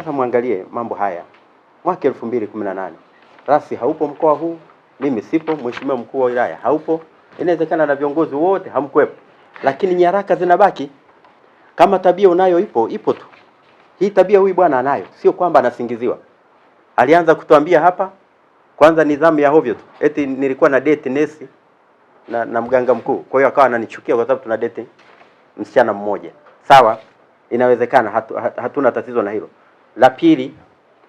Nataka mwangalie mambo haya. Mwaka elfu mbili kumi na nane rasi haupo mkoa huu, mimi sipo, mheshimiwa mkuu wa wilaya haupo, inawezekana na viongozi wote hamkwepo, lakini nyaraka zinabaki. Kama tabia unayo ipo ipo tu. Hii tabia huyu bwana anayo, sio kwamba anasingiziwa. Alianza kutuambia hapa kwanza nidhamu ya hovyo tu, eti nilikuwa na date nesi na, na mganga mkuu, kwa hiyo akawa ananichukia kwa sababu tuna date msichana mmoja. Sawa, inawezekana hatu, hatuna tatizo na hilo. La pili,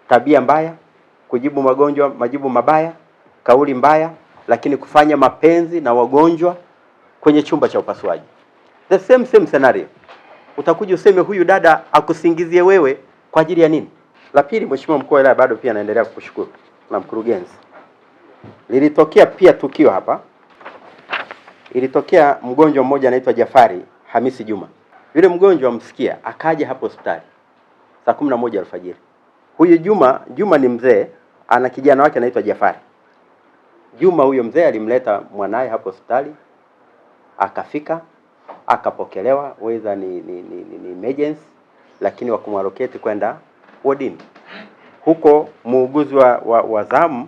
tabia mbaya, kujibu magonjwa majibu mabaya, kauli mbaya, lakini kufanya mapenzi na wagonjwa kwenye chumba cha upasuaji. The same same scenario, utakuja useme huyu dada akusingizie wewe kwa ajili ya nini? La pili, mheshimiwa mkuu wa wilaya, bado pia naendelea kukushukuru na mkurugenzi, lilitokea pia tukio hapa, ilitokea mgonjwa mmoja anaitwa Jafari Hamisi Juma. Yule mgonjwa amsikia akaja hapo hospitali saa kumi na moja alfajiri. Huyu Juma, Juma ni mzee, ana kijana wake anaitwa Jafari. Juma huyo mzee alimleta mwanaye hapo hospitali, akafika akapokelewa, weza ni, ni, ni, ni, ni emergency, lakini wakumwaloketi kwenda wodini huko. Muuguzi wa, wa, wa zamu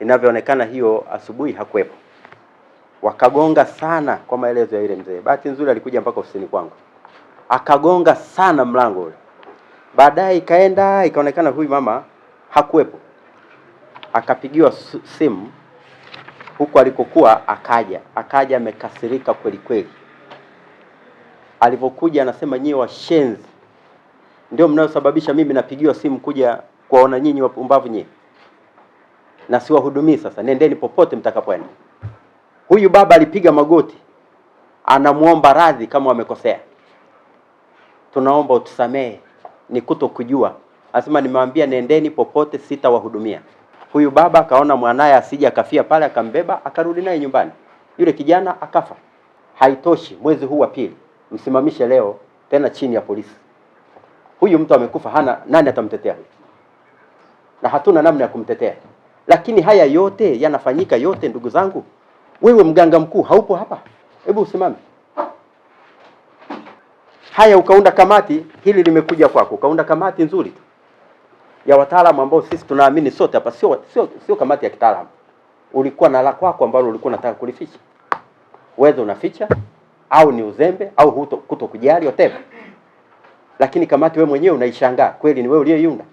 inavyoonekana hiyo asubuhi hakuwepo, wakagonga sana kwa maelezo ya yule mzee. Bahati nzuri alikuja mpaka ofisini kwangu, akagonga sana mlango ule Baadaye ikaenda ikaonekana huyu mama hakuwepo, akapigiwa simu huku alikokuwa, akaja akaja amekasirika kweli kweli. Alivyokuja anasema, nyie washenzi ndio mnayosababisha mimi napigiwa simu kuja kuwaona nyinyi wapumbavu nyie, na siwahudumii. Sasa nendeni popote mtakapoenda. Huyu baba alipiga magoti, anamwomba radhi kama wamekosea, tunaomba utusamehe ni kuto kujua. Asema nimewaambia nendeni popote, sitawahudumia. Huyu baba akaona mwanaye asija akafia pale, akambeba akarudi naye nyumbani. Yule kijana akafa. Haitoshi, mwezi huu wa pili msimamishe leo tena chini ya polisi. Huyu mtu amekufa, hana nani atamtetea huyu? Na hatuna namna ya kumtetea. Lakini haya yote yanafanyika yote, ndugu zangu, wewe mganga mkuu haupo hapa, hebu usimame. Haya, ukaunda kamati, hili limekuja kwako, ukaunda kamati nzuri tu ya wataalamu ambao sisi tunaamini sote hapa, sio sio sio kamati ya kitaalamu. Ulikuwa na la kwako ambalo ulikuwa unataka kulificha, wewe unaficha, au ni uzembe au huto kuto kujali whatever, lakini kamati wewe mwenyewe unaishangaa, kweli ni wewe uliyoiunda,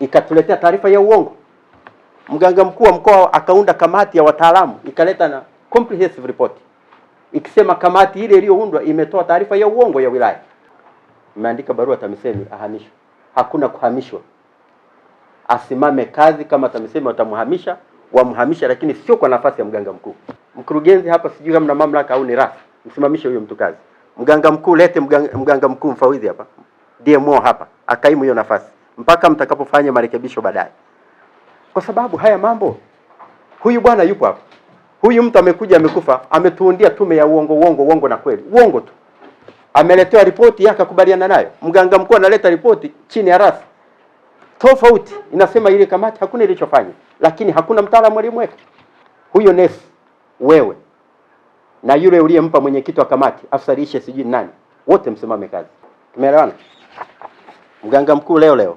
ikatuletea taarifa ya uongo. Mganga mkuu wa mkoa akaunda kamati ya wataalamu ikaleta na comprehensive report ikisema kamati ile iliyoundwa imetoa taarifa ya uongo ya wilaya. Imeandika barua TAMISEMI ahamishwe. Hakuna kuhamishwa, asimame kazi. Kama TAMISEMI watamhamisha wamhamisha, lakini sio kwa nafasi ya mganga mkuu. Mkurugenzi hapa, sijui kama na mamlaka au ni rasi, msimamishe huyo mtu kazi. Mganga mkuu lete mganga, mganga mkuu mfawidhi hapa, DMO hapa, akaimu hiyo nafasi mpaka mtakapofanya marekebisho baadaye, kwa sababu haya mambo, huyu bwana yupo hapa. Huyu mtu amekuja amekufa, ametuundia tume ya uongo uongo uongo na kweli uongo tu. Ameletewa ripoti yake akakubaliana nayo. Mganga mkuu analeta ripoti chini ya rasi tofauti, inasema ile kamati hakuna ilichofanya, lakini hakuna mtaalamu aliyemweka huyo nesi. Wewe na yule uliyempa mwenyekiti wa kamati afsarishe, sijui nani, wote msimame kazi. Tumeelewana? Mganga mkuu leo leo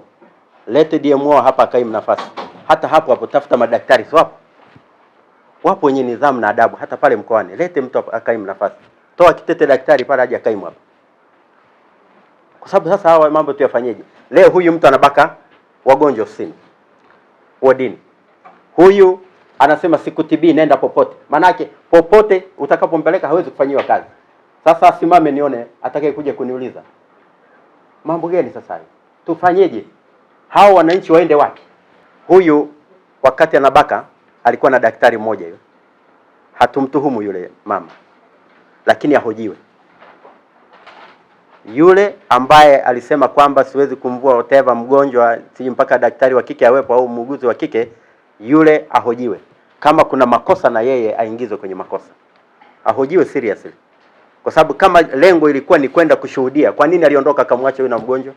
lete DMO hapa, kaimu nafasi hata hapo hapo, tafuta madaktari sio hapo Wapo wenye nidhamu na adabu hata pale mkoani. Lete mtu akaimu nafasi, toa kitete daktari pale aje akaimu hapa, kwa sababu sasa hawa mambo tuyafanyeje? Leo huyu mtu anabaka wagonjwa ofisini, wodini, huyu anasema siku tb nenda popote. Maanake popote utakapompeleka hawezi kufanyiwa kazi. Sasa asimame nione kuja kuniuliza mambo gani. Sasa tufanyeje? Hao wananchi waende wapi? Huyu wakati anabaka alikuwa na daktari mmoja hiyo, hatumtuhumu yule mama, lakini ahojiwe yule ambaye alisema kwamba siwezi kumvua oteva mgonjwa siji mpaka daktari wa kike awepo au muuguzi wa kike, yule ahojiwe. Kama kuna makosa na yeye aingizwe kwenye makosa, ahojiwe seriously, kwa sababu kama lengo ilikuwa ni kwenda kushuhudia, kwa nini aliondoka akamwacha huyu na mgonjwa?